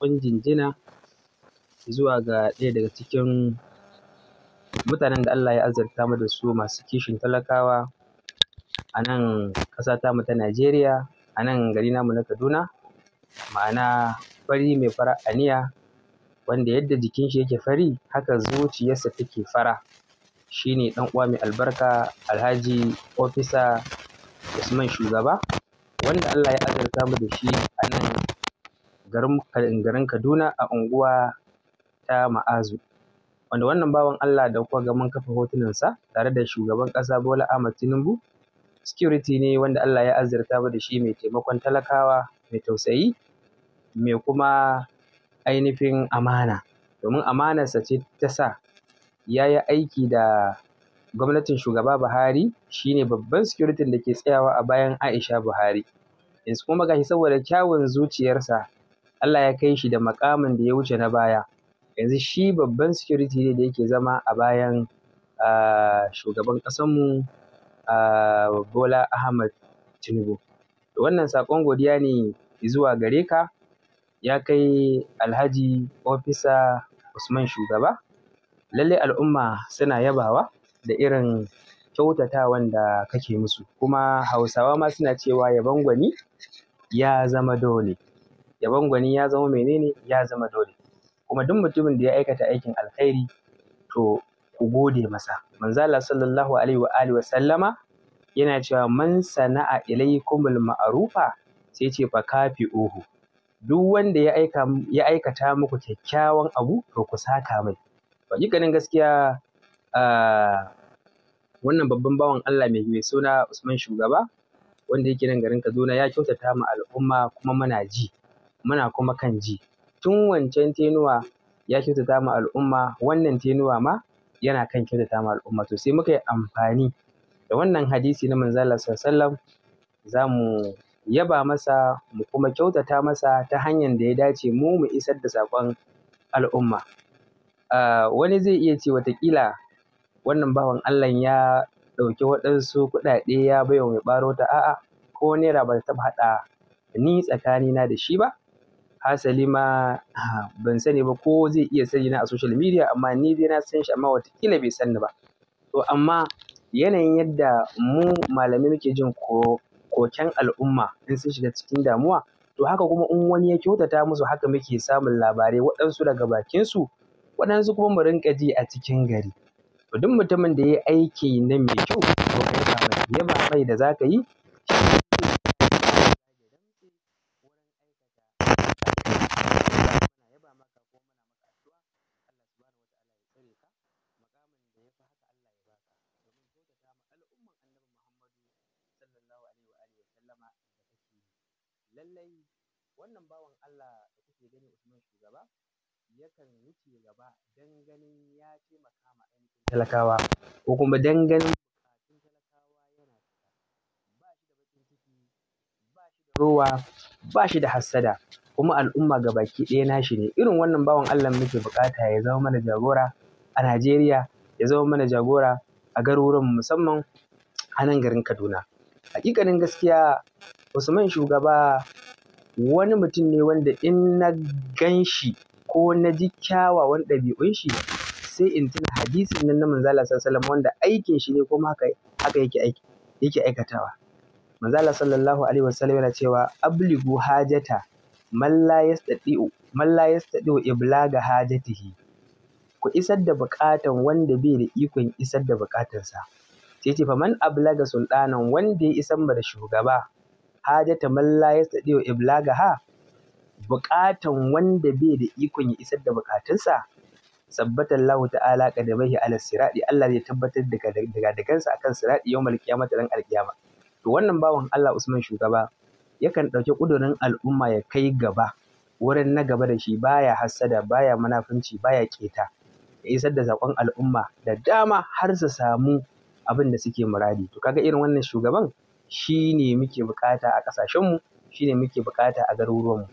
babban jinjina zuwa ga ɗaya daga cikin mutanen da Allah ya azurta mu da su masu kishin talakawa a nan ƙasa tamu ta Najeriya, a nan gari namu na Kaduna, ma'ana fari mai farar aniya wanda yadda jikin shi yake fari haka zuciyarsa take fara. Shi ne ɗan uwa mai albarka Alhaji Ofisa Usman Shugaba wanda Allah ya azurta mu da shi a nan garin Kaduna a unguwa ta Ma'azu, wanda wannan bawan Allah da kuma gaman kafa kafa hotunansa tare da shugaban ƙasa Bola Ahmed Tinubu security ne wanda Allah ya azurta da shi mai taimakon talakawa mai tausayi mai kuma ainihin amana domin amanarsa ce ta sa ya yi aiki da gwamnatin shugaba Buhari shi ne babban security da ke tsayawa a bayan Aisha Buhari yanzu kuma gashi saboda kyawun zuciyarsa Allah ya kai shi da makamin da ya wuce na baya yanzu shi babban security ne da yake zama a bayan shugaban ƙasanmu Bola Ahmad Tinubu wannan saƙon godiya ne zuwa gare ka ya kai Alhaji Ofisa Usman Shugaba lallai al'umma suna yabawa da irin kyautatawan da kake musu kuma Hausawa ma suna cewa yabon gwani ya zama dole yabon gwani ya zama menene ya zama dole kuma duk mutumin da ya aikata aikin alkhairi to ku gode masa manzala sallallahu alaihi wa alihi sallama yana cewa man sana'a ilaikumul ma'rufa sai ce fa kafi'uhu duk wanda ya aika ya aikata muku kyakkyawan abu to ku saka mai hakikanin gaskiya wannan babban bawan Allah mai mai suna Usman Shugaba wanda yake nan garin Kaduna ya kyautata ma al'umma kuma muna ji muna kuma kan ji tun wancan tenuwa ya kyautata mu al'umma wannan tenuwa ma yana kan kyautata mu al'umma to sai muka yi amfani da wannan hadisi na manzala sallam za mu yaba masa mu kuma kyautata masa ta hanyar da ya dace mu mu isar da saƙon al'umma wani zai iya ce watakila wannan bawan Allah ya ɗauki waɗansu kuɗaɗe ya bai wa mai ɓaro ta a'a ko naira ba ta taɓa haɗa ni tsakanina da shi ba hasali ma ban sani ba ko zai iya sani na a social media amma ni dai na san shi amma watakila bai sani ba to amma yanayin yadda mu malamai muke jin koken al'umma in sun shiga cikin damuwa to haka kuma in wani ya kyautata musu haka muke samun labarai waɗansu daga bakinsu waɗansu kuma mu rinka ji a cikin gari to duk mutumin da ya yi aiki na mai kyau to kai ba mai da zaka yi lallai wannan bawan Allah da kuke gani Usman Shugaba yakan wuce gaba don ganin ya taimaka ma ainihin talakawa ko kuma don ganin bukatun talakawa yana cika ba shi da baƙin ciki ba shi da rowa ba shi da hassada kuma al'umma ga baki ɗaya nashi ne irin wannan bawan Allah muke bukata ya zama mana jagora a Najeriya ya zama mana jagora a garuruwan musamman a nan garin Kaduna hakikanin gaskiya Usman shugaba wani mutum ne wanda in na gan shi ko na ji kyawawan ɗabi'un shi sai in tuna hadisin nan na Manzala Sallallahu wanda aikin shi ne kuma haka haka yake yake aikatawa. Manzala Sallallahu Alaihi Wasallam yana cewa abligu hajata man la yastati'u man la yastati'u iblaga hajatihi ku isar da buƙatan wanda bai da ikon isar da buƙatansa. Sai ce fa man ablaga sultanan wanda ya isar ma da shugaba hajata man la yastadiu iblagaha buƙatan wanda bai da ikon ya isar da buƙatunsa sabbata Allah ta'ala qadamaihi ala sirati Allah zai tabbatar da daga dagansa akan sirati yawmal qiyamati ran alqiyama to wannan bawan Allah Usman shugaba yakan ɗauki kudurin al'umma ya kai gaba wurin na gaba da shi baya hassada baya munafunci baya keta ya isar da zakon al'umma da dama har su samu abin da suke muradi to kaga irin wannan shugaban shi ne muke buƙata a ƙasashenmu shi ne muke buƙata a garuruwanmu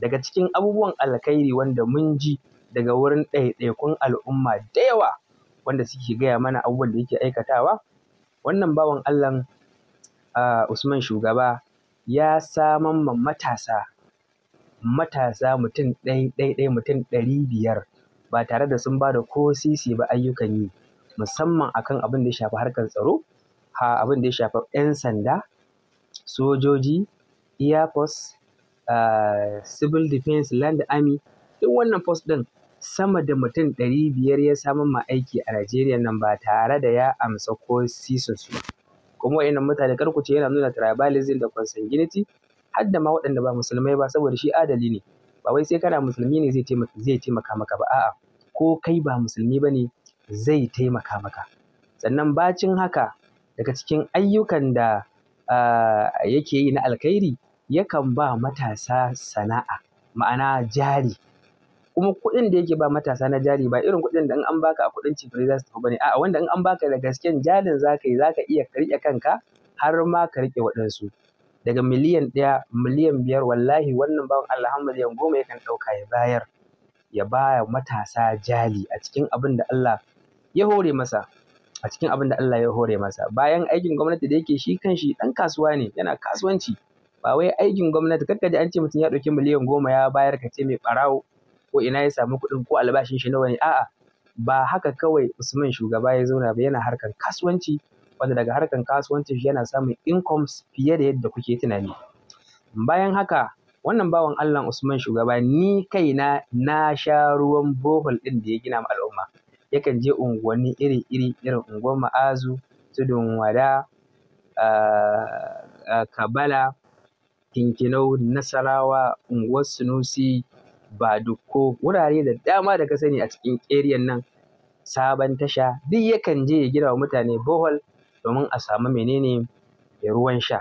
daga cikin abubuwan alkhairi wanda mun ji daga wurin ɗaiɗaikun al'umma da yawa wanda suke gaya mana abubuwan da yake aikatawa wannan bawan allah usman shugaba ya saman ma matasa matasa mutum ɗai-ɗai mutum ɗari biyar ba tare da sun ba da ko sisi ba ayyukan yi musamman akan abin da ya shafi harkar tsaro abin da ya shafi 'yan sanda sojoji air force ah, civil defense land army duk wannan force ɗin sama da mutum ɗari biyar ya samar ma aiki a Najeriya nan ba tare da ya amsa ko sisin su kuma wa'innan mutane kar ku ce yana nuna tribalism da consanguinity har da ma waɗanda ba musulmai ba saboda shi adali ne ba wai sai kana musulmi ne zai taimaka maka ba a'a ko kai ba musulmi ba ne zai taimaka maka sannan bacin haka daga cikin ayyukan da yake yi na alkhairi yakan ba matasa sana'a ma'ana jari kuma kuɗin da yake ba matasa na jari ba irin kuɗin da in an baka a kuɗin cifiri za su tafi bane a'a wanda in an baka da gasken jarin za ka yi za ka iya karya kanka har ma ka riƙe waɗansu daga miliyan ɗaya miliyan biyar wallahi wannan bawan Allah har miliyan goma yakan ɗauka ya bayar ya ba matasa jari a cikin abin da Allah ya hore masa a cikin abin da Allah ya hore masa bayan aikin gwamnati da yake shi kanshi ɗan kasuwa ne yana kasuwanci ba wai aikin gwamnati kar ka ji an ce mutum ya ɗauki miliyan goma ya bayar ka ce mai ɓarawo ko ina ya samu kuɗin ko albashin shi nawa ne a'a ba haka kawai Usman shugaba ya zauna ba yana harkar kasuwanci wanda daga harkar kasuwanci shi yana samun incomes fiye da yadda kuke tunani bayan haka wannan bawan Allah Usman shugaba ni kaina na sha ruwan bohol ɗin da ya gina ma al'umma yakan je unguwanni iri-iri irin unguwar Ma'azu, Tudun Wada, Kabala, Kinkinau, Nasarawa, unguwar Sunusi, Badukko, wurare da dama da ka sani a cikin eriyan nan sabon tasha duk yakan je ya gina wa mutane bohol domin a samu menene ruwan sha.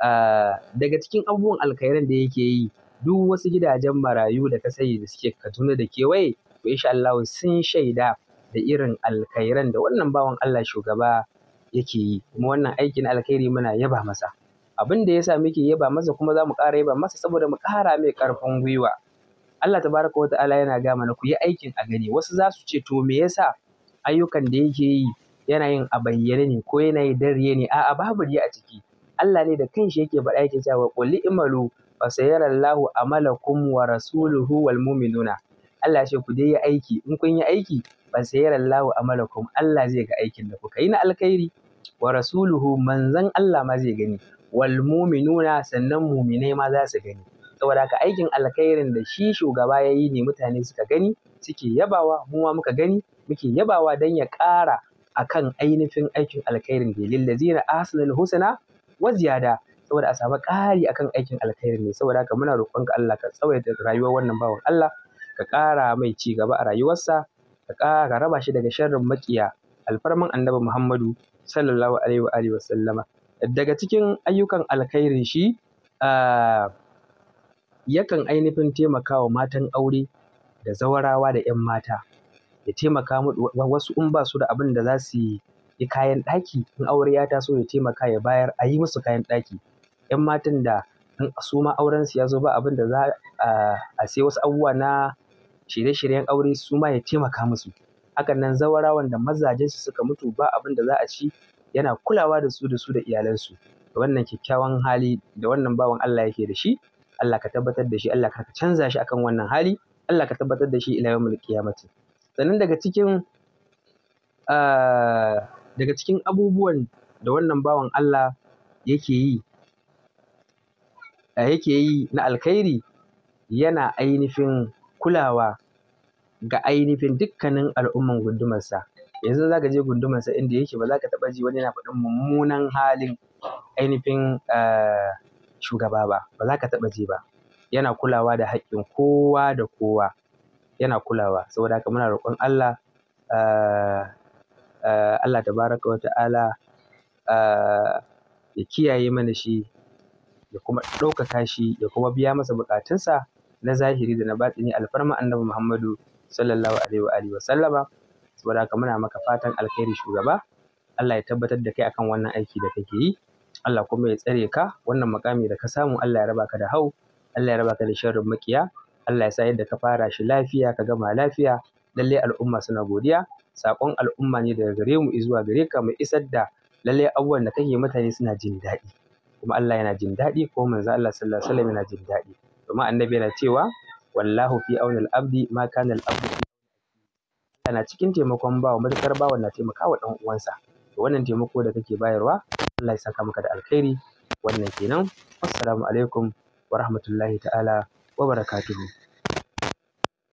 Daga cikin abubuwan alkhairan da yake yi duk wasu gidajen marayu da ka sani da suke Kaduna da kewaye to insha Allahu sun shaida da irin alkhairan da wannan bawan Allah shugaba yake yi kuma wannan aikin na alkhairi muna yaba masa abin da yasa muke yaba masa kuma za mu ƙara yaba masa saboda mu ƙara mai ƙarfin gwiwa Allah tabaraka wata'ala yana ga mana ku yi aikin a gani wasu za su ce to me yasa ayyukan da yake yi yana yin a bayyane ne ko yana yi dariye ne a'a babu riya a ciki Allah ne da kanshi yake faɗa yake cewa qul imalu fa sayarallahu amalakum wa rasuluhu wal mu'minuna Allah ya ce ku dai yi aiki in kun yi aiki fa Amala, amalakum Allah zai ga aikin da kuka yi na alkhairi wa rasuluhu manzan Allah ma zai gani wal mu'minuna sannan mu'minai ma za su gani saboda haka aikin alkhairin da shi shugaba ya yi ne mutane suka gani suke yabawa mu ma muka gani muke yabawa dan ya ƙara akan ainihin aikin alkhairin da lillazina ahsanul husna wa ziyada saboda a samu ƙari akan aikin alkhairin ne saboda haka muna roƙonka Allah ka tsawaita rayuwar wannan bawan Allah ka ƙara mai ci gaba a rayuwarsa ka ƙara ka raba shi daga sharrin maƙiya alfarman annabi Muhammadu sallallahu alaihi wa alihi wasallama daga cikin ayyukan alkhairin shi yakan ainihin taimaka wa matan aure da zawarawa da 'yan mata ya taimaka wasu in ba su da abin da za su yi kayan ɗaki in aure ya taso ya taimaka ya bayar a yi musu kayan ɗaki 'yan matan da in su ma aurensu ya zo ba abin da za a sai wasu abubuwa na shirye-shiryen aure su ma ya taimaka musu hakan nan zawarawan da mazajensu suka mutu ba abin da za a ci yana kulawa da su da su da iyalansu da wannan kyakkyawan hali da wannan bawan Allah yake da shi Allah ka tabbatar da shi Allah ka canza shi akan wannan hali Allah ka tabbatar da shi ila yawmul qiyamati sannan daga cikin ah, daga cikin abubuwan da wannan bawan Allah yake yi yake yi na alkhairi yana ainihin kulawa ga ainihin dukkanin al'umman gundumarsa yanzu za ka je gundumarsa inda yake ba za ka taɓa ji wani yana faɗin mummunan halin ainihin eh, shugaba ba ba za ka taɓa ji ba yana kulawa da haƙƙin kowa da kowa yana kulawa saboda haka muna roƙon Allah eh, eh, Allah tabaraka wa ta'ala ya kiyaye mana shi ya kuma ɗaukaka shi ya kuma biya masa buƙatunsa na zahiri da na batsini alfarma annabi Muhammadu sallallahu alaihi wa alihi wa sallama saboda haka muna maka fatan alkhairi shugaba Allah ya tabbatar da kai akan wannan aiki da kake yi Allah kuma ya tsare ka wannan makami da ka samu Allah ya raba ka da hau Allah ya raba ka da sharrin makiya Allah ya sa yadda ka fara shi lafiya ka gama lafiya lalle al'umma suna godiya sakon al'umma ne daga gare mu zuwa gare ka mu isar da lalle abubuwan da kake mutane suna jin daɗi kuma Allah yana jin daɗi ko manzo Allah sallallahu alaihi wasallam yana jin daɗi Kuma annabi yana cewa wallahu fi aunil abdi ma kana al abdu kana cikin taimakon bawa matakar bawa na taimakawa dan uwansa to wannan taimako da kake bayarwa Allah ya saka maka da alkhairi wannan kenan assalamu alaikum wa rahmatullahi ta'ala wa barakatuhu